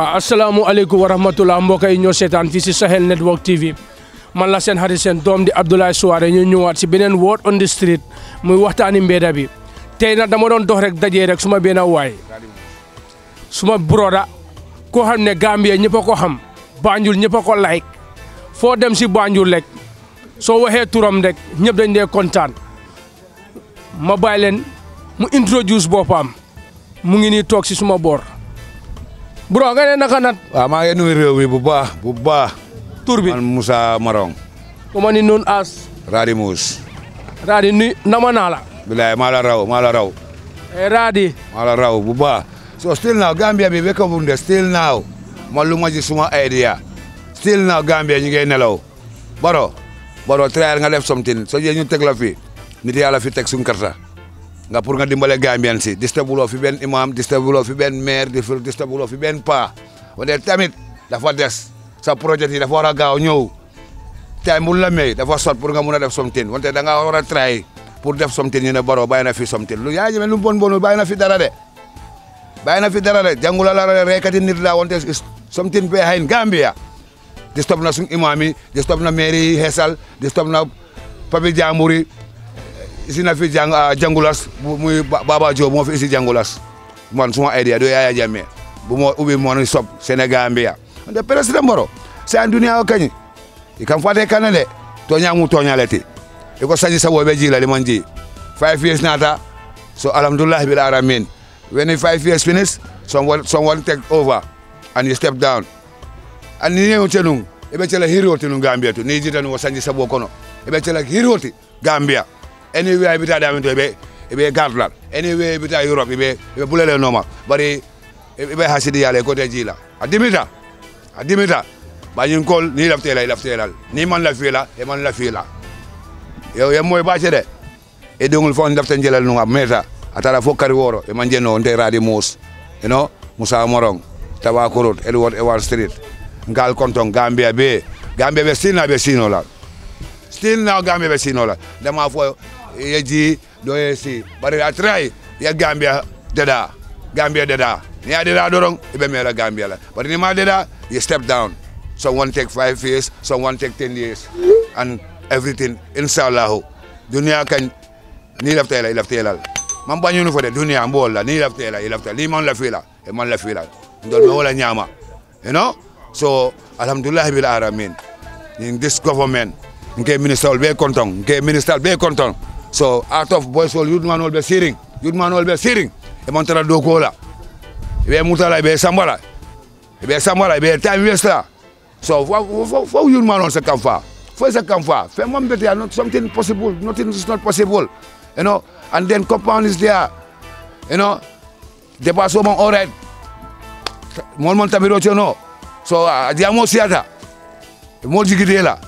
assalamu alaykum wa rahmatullah mbokay ñoo sétane fi ci Sahel Network TV man la sen xarit sen dom di Abdoulaye Souare ñu ñëwaat ci benen word on the street muy waxtani mbeda bi tay na dama doon dox rek dajé rek suma benn way suma broda ko xam Gambia ñepp ko xam Banjul ñepp ko like fo dem si Banjul lek so waxé turam rek ñepp dañ dé contane ma bay leen mu introduce bopam mu ngi ni tok si suma bor Bro, kan enak-enak. Ah, ya wiru wi bubah, bubah. Turbin. Man Musa Marong. Komani nun as. Radi Mus. Radi ni nama nala. Bila Malarau, Malarau. Eh, Radi. Malarau, raw, bubah. So still now Gambia be beko up still now. Malu maji suma idea. Still now Gambia ni ngay nelaw. Baro. Baro trial nga def something. So ñu tek la fi. Nit yalla fi tek suñu nga pour nga dimbale Gambian si distabulo fi ben imam distabulo fi ben maire distabulo fi ben pa wone tamit dafa dess sa projet yi dafa war a gaaw ñew tay mu la may dafa sot pour nga mëna def somtin wone da nga wara try pour def somtin ñu ne baro bayina fi somtin lu ya jëmee lu bon bonul bayina fi dara de bayina fi dara de jangula la reekati nit la wone somtin be hayn Gambia distab na sun imam yi na maire yi na pabi sina fi ah, jangulas jàngulas mu Baba jo mo fi isi jàngulas man suma idea do Yaya Jammeh bu mo ubi mon sob Senegambia nde president moro c'est en dunia o kañi i kam fate kanale to nya toñalete e ko sa sabo be jila limon ji five years nata so alhamdulillah bil alamin when five years finish someone someone take over and you step down and ni yewu tenung e be tela hiroti Gambia to ni jitanu nung sañi sabo kono e be tela hiroti Gambia anywhere bita damin to ɓe ɓe gardlan anywhere bita europe ɓe ɓe bulele noma bari ɓe hasidi yala côté jila a dimita a dimita bañin kol ni laftela i laftelal ni man lafila e man lafila yo ye moy bace de e dongol fo lafta jelal nunga meta atara fo kari woro e man jenno nte radi mus you know musa morong tawakurut edward ewar street ngal konton gambia be gambia be stilna be sinola stilna gambia be sinola dama fo Iya, ji do yesi bare try ya gambia dada gambia dada ni adada dorong ibe mera gambia la but ni ma dada you step down so one take five years so one take ten years and everything inshallah dunia kan ni la laftela tela man ñu fa de dunia la ni la tela ni man la fila e man la fila ndol me wala nyama you know so alhamdulillah bil alamin in this government nke minister be konton nke minister be konton so out of boys wol be wol ɓe siring yudman wol ɓe e eman tara dow kola ɓe mutala ɓe sambala ɓe sambala ɓe time westla so fo yudman on se kam fa fo se kam fa fe mom bete ya something possible nothing is not possible you know and then compound is there you know dépasse omon oret mon mon tamiro chono so adiamo siata mo jigidela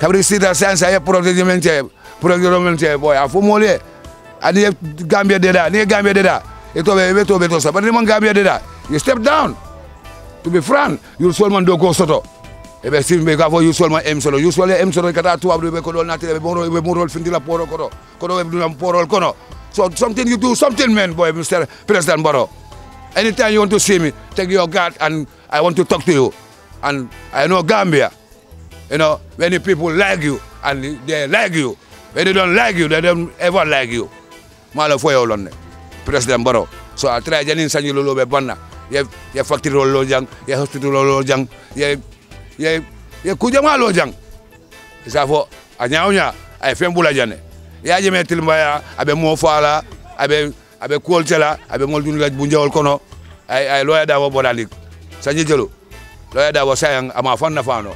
kabri sida sansa ya protégement program te boya fo mole ani gambia deda ni gambia deda eto be eto be to sa but ni man gambia deda you step down to be frank you sol man do go soto e eh be sim be ka fo you sol man em solo you sol em solo kata tu abdu be ko dol natire be moro be moro findi la poro ko do ko do be dum poro ko no so something you do something man boy mr president baro anytime you want to see me take your guard and i want to talk to you and i know gambia you know many people like you and they like you When they don't like you, they don't ever like you. Malo fo yo lonne. President Baro. So a try janin sanyi lolo be banna. Ye ye factory lolo jang, ye hospital lolo jang, ye ye ye kuja malo jang. Isa fo a nyaonya ay fembula jane. Ya jeme tilmbaya abe mo fala abe abe koltela abe mol dun laj bu njawol kono ay ay loya dawo bodalik. Sanyi jelo. Loya dawo sayang ama fanna fano.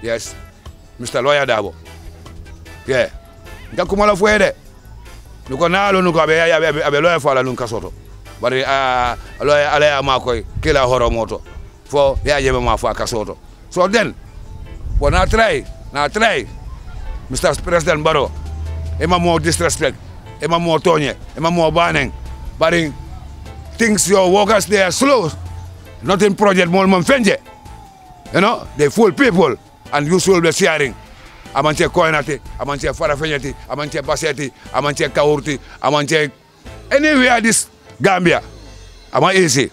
Yes. Mr. Lawyer Dabo. ye nka kuma foye dɛ nuko naalo nuko abe abe abe loya fala nun kasoto bari a loya ala ya ma koy kila moto fo ya jebe ma fa kasoto so den wo na try na try mr president baro e mo disrespect ema ma mo tonye e ma mo banen bari thinks your workers they are slow not project mol mon fenje you know they fool people and you should be sharing amantie koinati amantie farafeñeti amante baseti amantie kawurti amantie anywhere this gambia ama easy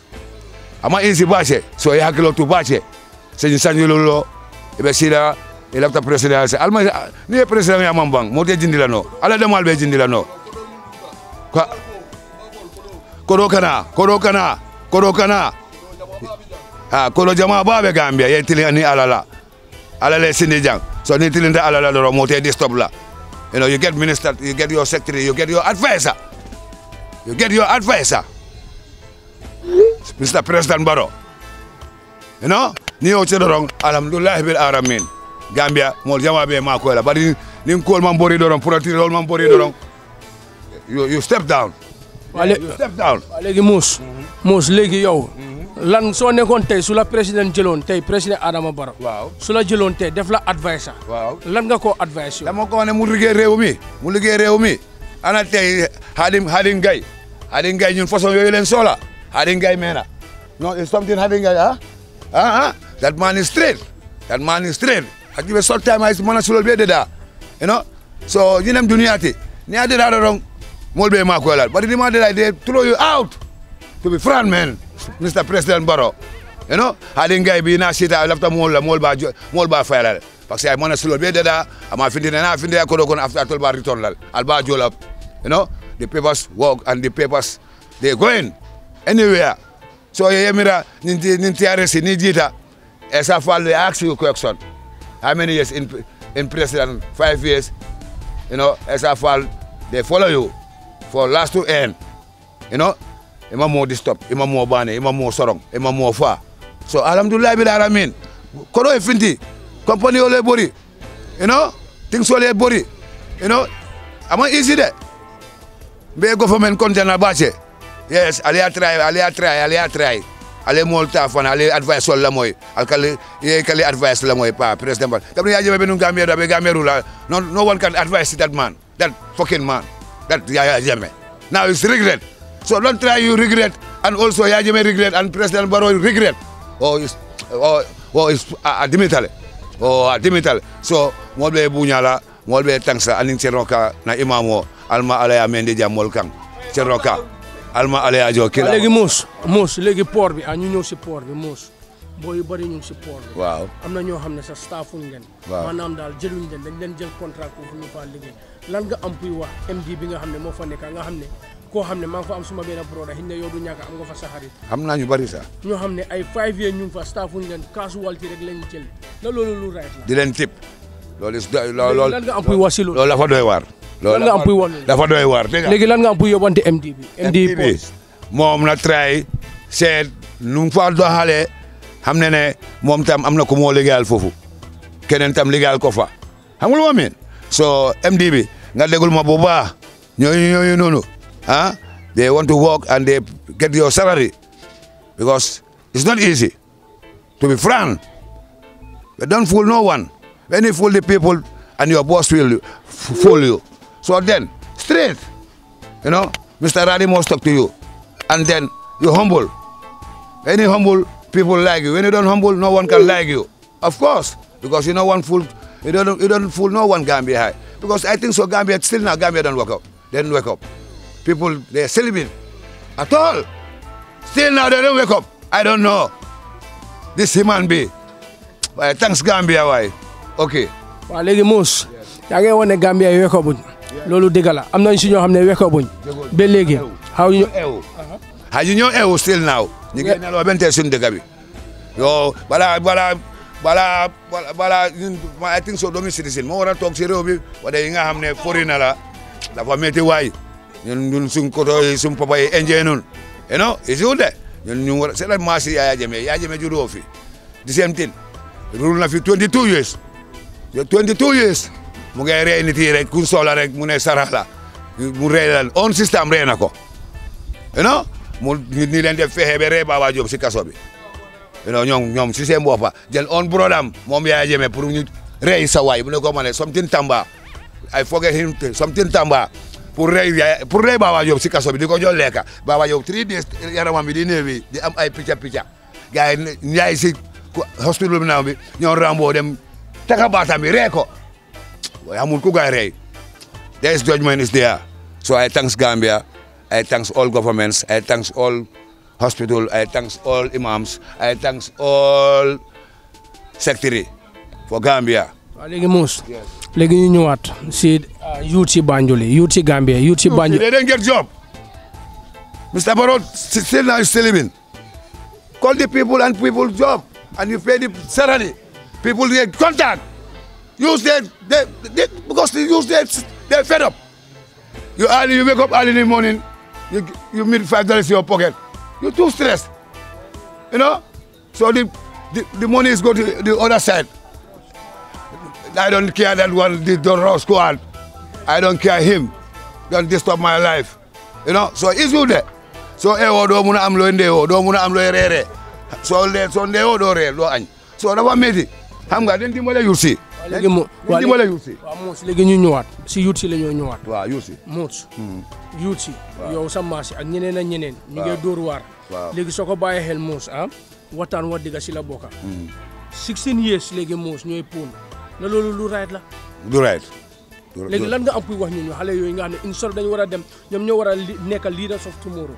ama easy bace so ye hakkilo tu bace señi sañilolo eɓe sila e lafta président se alma ni ye président ya mam te mote jindilano ala demal ɓe jindilano koɗo kana koɗo kana koɗo kana ha koɗo jama baɓe gambia ye tili ani alala alala e sindi jang So they telling the all of the motor they stop la. You know, you get minister, you get your secretary, you get your advisor. You get your advisor. Mr. President Barrow. You know? Ni o chedo rong, alhamdulillah bil aramin. Gambia, mol jama be ma ko la. Bari ni ko man bori do rong, pour tirer man bori do rong. You you step down. Yeah, you step down. Legi mus. Mus legi yow. lan soo nekkoon tey su la président jëloon tey président Adama Barrow. waaw su la jëloon tey def la adviser. waaw lan nga koo advice dama ko ne mu liggéey réew mu liggéey réew ana tey Hadim Hadim Gaye Hadim Gaye ñun façon yooyu leen soxla Hadim Gaye mee na non it's something Hadim Gaye ah ah, ah. that man is straight that man is straight akibe sometime I mana sulol be deda ah. you know so ñinem duniyati ni adeda do dong mol be ma ko laal but di ma deda de throw you out to be frank man Mr. President Barrow. You know, didn't guy be na sita lafta mol la mol ba Because ba want to que ay mona I'm dada ama findi na I could do kon after told ba return lal. Al ba jolap. You know, the papers work and the papers they going anywhere. So ye mira ninti ninti arrest ni jita. Esa fall ask you question. How many years in in president? Five years. You know, I fall they follow you for last to end. You know, imamo distop imamo bane imamo sorong imamo fa so alhamdulillah bil alamin kono e finti compagnie ole bori you know things ole bori you know ama easy de be go fo men contena bache yes ali atray ali atray ali atray ale mol ta fana ale advice wala moy al kale ye kale advice la moy pa president bal dabni ya jebe benun gambia dabe gameru la no no one can advise that man that fucking man that ya jeme now is regret So don't try you regret. And also ya Yajime regret and President Barrow regret. Oh, is, oh, oh, is a ah, ah, Dimitale. Oh, a ah, Dimitale. So, Mwalbe Bunyala, Mwalbe Tangsa, Aning ceroka na Imamo, Alma Alaya Mende Jamol Kang. ceroka, Alma Alaya Jo Kila. Legi Mus, Mus, Legi Porbi, anu nyu know si Porbi, Mus. boy bari ñu ngi si port bi waaw am na ñoo xam ne sa staffuñ leen maanaam daal jëluñ leen dañ leen jël contrat pour ñu lan nga am puy wax MD bi nga xam fa nekk nga xam koo xam ne maa ngi fa am suma benn broda xëy na yow am nga fa sa xarit xam ne ay five years ñu ngi fa staff ñu leen lan nga am puy wax si loolu dafa doy waar loolu lan nga am puy wax dafa doy waar dégg nga léegi lan nga am puy yóbbante MD moom na try seet nu mu fa doxalee moom tam am na ko moo liggéeyal foofu keneen tam ligaal ko fa xam nga lu ma miin so MD bi nga déglu ma bu baax ñooñu ñooñu noonu Huh? They want to work and they get your salary because it's not easy. To be frank, but don't fool no one. When you fool the people and your boss will fool you. So then, straight, you know, Mr. Radi must talk to you. And then you humble. Any humble people like you. When you don't humble, no one can like you. Of course, because you know one fool, you don't, you don't fool no one Gambia high. Because I think so Gambia, still now Gambia don't wake up. They didn't wake up. people they're celibate at all. Still now they don't wake up. I don't know. This human being. Well, thanks Gambia, why? Okay. waaw léegi Mouss yaa ngi woon ne Gambia yi wake up loolu dëgg Degala, I'm not sure ñoo xam wake up buñ ba léegi xaw ñu eewu xaw ñu ñoo eewu still now ñu ngi neloo benn tey suñu dëkk bi yow balaa balaa balaa balaa ñun I think so doomi citizen moo war a toog si réew bi wala yi nga xam ne foreigner la dafa métti waay ñun ñun suñ koto yi suñ papa yi indien nun eno isiunde ñun ñu war seeɗat maasi Yaya Jammeh Yaya Jammeh juɗo fi the same thing rule na fi 22 years 22 years mu ngay rey nit yi rek ku soola rek mune ne la mu rey lan on système rey na ko eno mu nit ñi leen def fexe ba rey Baba si kaso bi eno ñoom ñoom si seen bopp jël on brodam moom Yaya jeme pour ñu rey sa waay bu ne ko ma ne something Tamba I forget him something Tamba pour rey yaay pour rey si kaso bi di ko jox lekka Baba Diop three days yaramam di néewi di am ay picca picca gars yi yaay si hospital bi naaw bi ñoo Rambo dem taka baatam rey ko waaye amul ku gay rey this judgment is there so I thanks Gambia I thanks all governments I thanks all hospital I thanks all imams I thanks all secretary for Gambia. léegi ñu ñëwaat si euh, youth si banjuli yi youth si Gambia youth si banjuli. they didn't get job. Mr. Barrow still now you still Call the people and people job and you pay the salary. People they contact. Use their, they, because they use their, they fed up. You early, you wake up early in the morning, you, you meet five dollars in your pocket. you too stressed. You know? So the, the, the money is going to the other side. I don't care that one, the Donor squad. I don't care him. Don't disturb my life. You know, so it's good there. doo mun a am looy ndeewoo doo mun a am looy reeree eh. soo lee soo oh, ndeewoo doo reer doo añ soo dafa métti xam nga den dimbale yuut si. léegi mu den dimbale yuut si. waaw Mouss léegi ñu ñëwaat si yuut si la ñoo ñëwaat. waaw yuut si Mouss. Hmm. si yow sa maas ak ñeneen ak ñeneen. ñu ngi dóor waar. léegi soo ko bàyyee xel Mouss ah waxtaan wa digga si la bokka. 16 hmm. years léegi Mouss ñooy puun. na loolu lu right la. du right. lan nga am kuy wax ñu xale yooyu nga xam ne incha dañu war a dem ñoom ñoo war a nekkal leaders of tomorrow.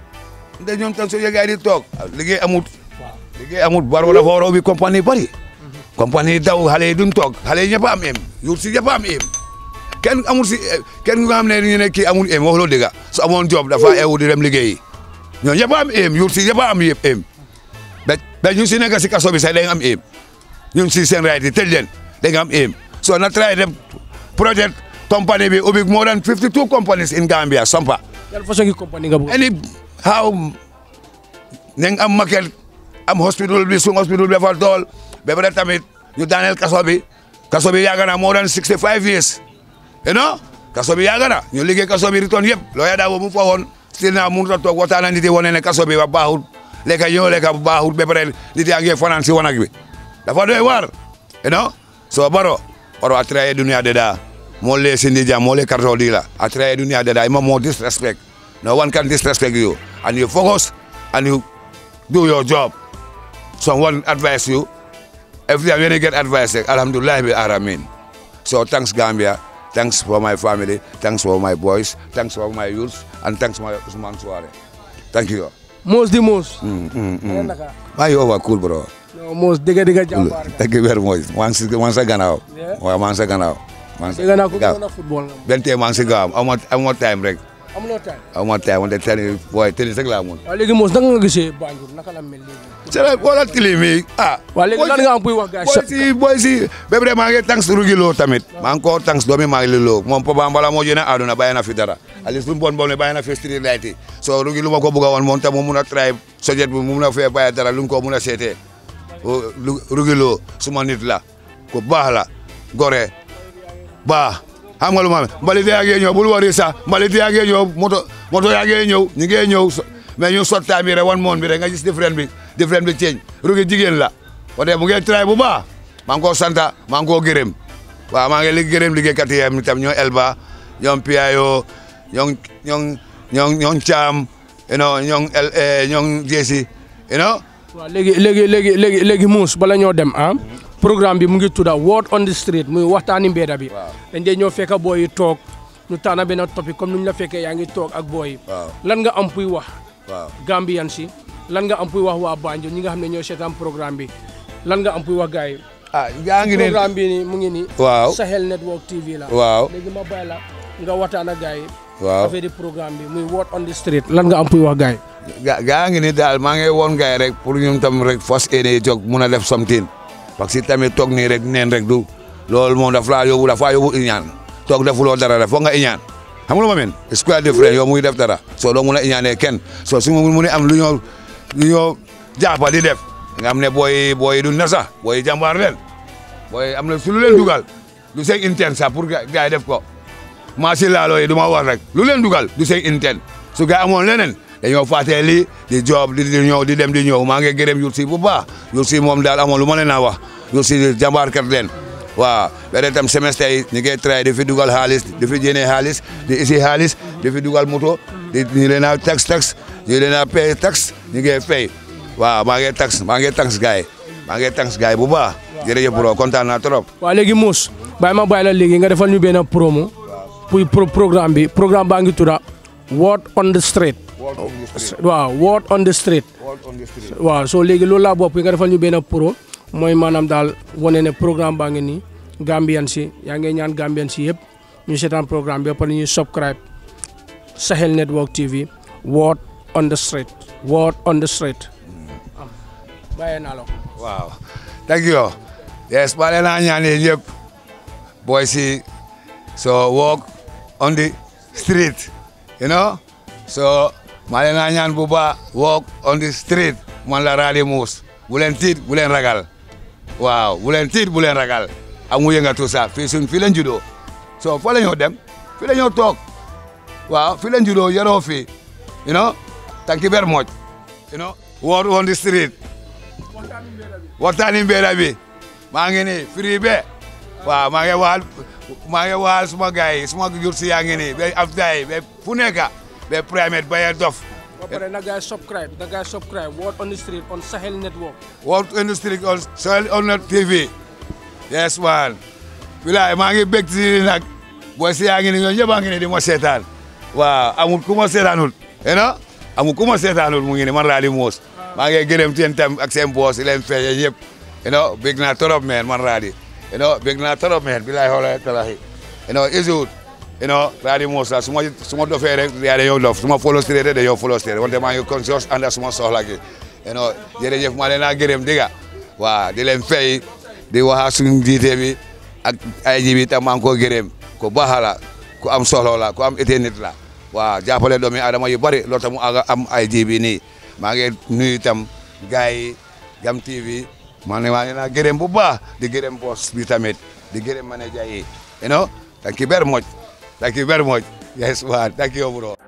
ndax ñoom tam soo yëgee di toog. Ah, liggéey amut. waaw liggéey amut baro la fooroo bi compagnie bari. compagnie daw xale yi duñ toog. xale yi ñëpp am em yuur si ñëpp am kenn amul si eh, kenn nga xam ne ñu ne kii amul em wax loo dëgg su moon joob dafa eewu di dem liggéeyi ñoom ñëpp am em yuur si ñëpp am em. ba ba ñu si nekk si kaso bi sax day am em ñun si seen rajo yi They aim. So not try them project company be ubik more than 52 companies in Gambia sampa. Yan fashion company nga bu. Any am market am hospital bi sung hospital be fal tol be bada tamit ñu Daniel kaso bi kaso bi yàgg na more than 65 years. You know? bi yàgg na ñu liggéey kaso bi return yëpp lawyer da mu fa woon still na mu ta toog waxtaan nit yi wone ne kaso bi ba baaxul lekka ñoo lekka bu baaxul be a nit yaa ngi fanaan si wanag bi dafa doy waar. You so baro oro atira e ya dunia deda mole sindija mole kartodila atira e ya dunia deda ima mo disrespect no one can disrespect you and you focus and you do your job someone advise you every time you get advice alhamdulillah bi aramin so thanks gambia thanks for my family thanks for my boys thanks for my youth and thanks my usman suare thank you most the most mm, mm, mm. you over cool bro non Moos dëgg dëgg jàmbaar nga. dëgg weer mooy maa ngi si maa ngi sa gannaaw. waaw maa ngi sa gannaaw. maa ngi sa gannaaw ku mën a football nga. benn tey maa ngi si gaawam aw ma aw ma time rek. amuloo time aw ma time wante tennis waaye tennis rek laa amoon. waaw léegi Moos naka nga gisee Banjul naka la mel léegi. c'est vrai wala tilim yi ah. waaw léegi lan nga am buy wax gars yi. booy si booy si ba pare maa ngi tànk si rugi loo tamit. Ah. maa ngi koo tànk si doomi maa ngi li loo moom Papa Mbala moo jëne àdduna bàyyi na fi dara. Hmm. Alice lu mu bon bon ne bàyyi na fi street light so rugi lu ma ko bëgg a woon moom tam mu mun a try sojet bi mu mun a fee bàyyi dara lu mu ko mun a seetee rugiloo suma nit la ko bah la gore bah, xam nga lu ma mbalit yaa ñow bul wari sa mbali yaa ngi ñow moto moto ya ngi ñow ñi ngi ñow mais nah, ñu sotta mi re wan mon bi re nga gis différent bi différent bi rugi jigen la dé bu ngeen tray bu ba ma ngi koo santa ma ngi koo gërëm waaw maa ngi li ligé liggéeykat yi tam ñoo Elba ñoom Piayo ñong ñong ñong ñong cham you know ñong el ñong jesi you know waaw léegi léegi léegi léegi léegi muus bala ñoo dem ah programme bi mu ngi tudda word on the street muy waxtaani mbeeda bi dañ dee ñoo fekk booy yi toog ñu tànn benn topic comme ni ñu la fekkee yaa ngi toog ak booy yi lan nga am puy wax Gambian si lan nga am puy wax waa Banjul ñi nga xam ne ñoo seetaan programme bi lan nga am puy wax gars yi ah yaa ngi ne programme bi ni mu ngi ni waaw Sahel Network TV la waaw léegi ma bàyyi nga waxtaan ak gars yi waaw affaire di programme bi muy woot on the street lan nga am puy wax gaay ga gaa ngi ni daal maa ngi woon gaay rek pour ñun tam rek fas yéene toog mun a def something parce que tamit toog nii rek neen rek du loolu moom daf laa yóbbu dafa yóbbu iñaan toog defuloo dara rek foog nga iñaan xam nga ma men square de frère yow muy def dara soo doo mun a iñaanee kenn soo su mu ne am lu ñoo lu ñoo jàppa di def nga am ne boy boy du nasa boy jàmbaar leen booy am na su lu leen dugal du seen interne sax pour gars def ko masih ci la loy duma war rek lu len dugal du sey intel su gaa amon lenen kan? dañu faté li di job di ñëw di dem di ñëw ma nga gërem yursi bu ba yursi mom dal amon lu ma leen wax yur si jàmbaarkat leen waaw beneen tam semestre yi ñu ngay tray di fi dugal halis di fi génne di isi halis di fi dugal moto di ni leen tax tax di leen pay tax ñu ngay fay wa ma tax ma tax gay ma tax gay bu baax jërëjëf bro kontaan naa trop. wa léegi mous bàyyi ma bàyyi la nga defal ñu promo puy programme bi programme baa ngi tudda word on the street waaw word on the street waaw so léegi loolu la bop yi nga defal ñu ben pro moy manam dal woné né programme baa ngi Gambian ci ya ngay ñaan Gambian ci yépp ñu sétan programme bi après ñu subscribe Sahel Network TV word on the street word on the street baye na la waaw ya hmm. thank you yes bale naa ñaan yëpp boy si so walk on the street, you know. So Malena Nyan Buba walk on the street, man rally Moos. Bulen tit, bulen ragal. Wow, bulen tit, bulen ragal. Amu yenga tusa, fisun filen judo. So follow your them, filen your talk. Wow, filen judo, yero fi. You know, thank you very much. You know, walk on the street. Watan imbera bi. Mangini, free be. Wow, mangi wal. maa ngi waa suma gars yi suma jur si yaa ngi nii ba afta yi ba fu nekk ba primate ba dof ba pare na gars subscribe na gars subscribe word on the street on Sahel network word on the street on Sahel on TV yes man bilaay maa ngi bég si nag booy si yaa ngi nii ñoom ñëpp a ngi nii di ma seetaan waaw amul ku ma seetaanul ena amul ku ma seetaanul mu ngi nii man Rally Moss ah. maa ngi gërëm seen tam ak seen boos yi leen feeñee ñëpp ena bég naa trop man Rally you know bég naa trop man bilaay xoolal talaxi you know is it you raadi Moussa su ma su ma dofee rek yaa de yow dof su ma folostiree rek de yow folostiree wante maa ngi conscience ànd ak suma soxla gi you maa leen naa gërëm dégg nga di leen fay di waxa suñu jiite ak ay ji tam maa ngi koo gërëm ku baax la am soxla la ku am été nit la waaw jàppale doomi adama yu bari loolu tam am ay ji nii maa ngi nuyu itam gars Gam TV maa ne maa ngi naa gërëm bu baax di gërëm boss bi tamit di gërëm manager yi you know thank you very much thank you very much yes wa thank you bro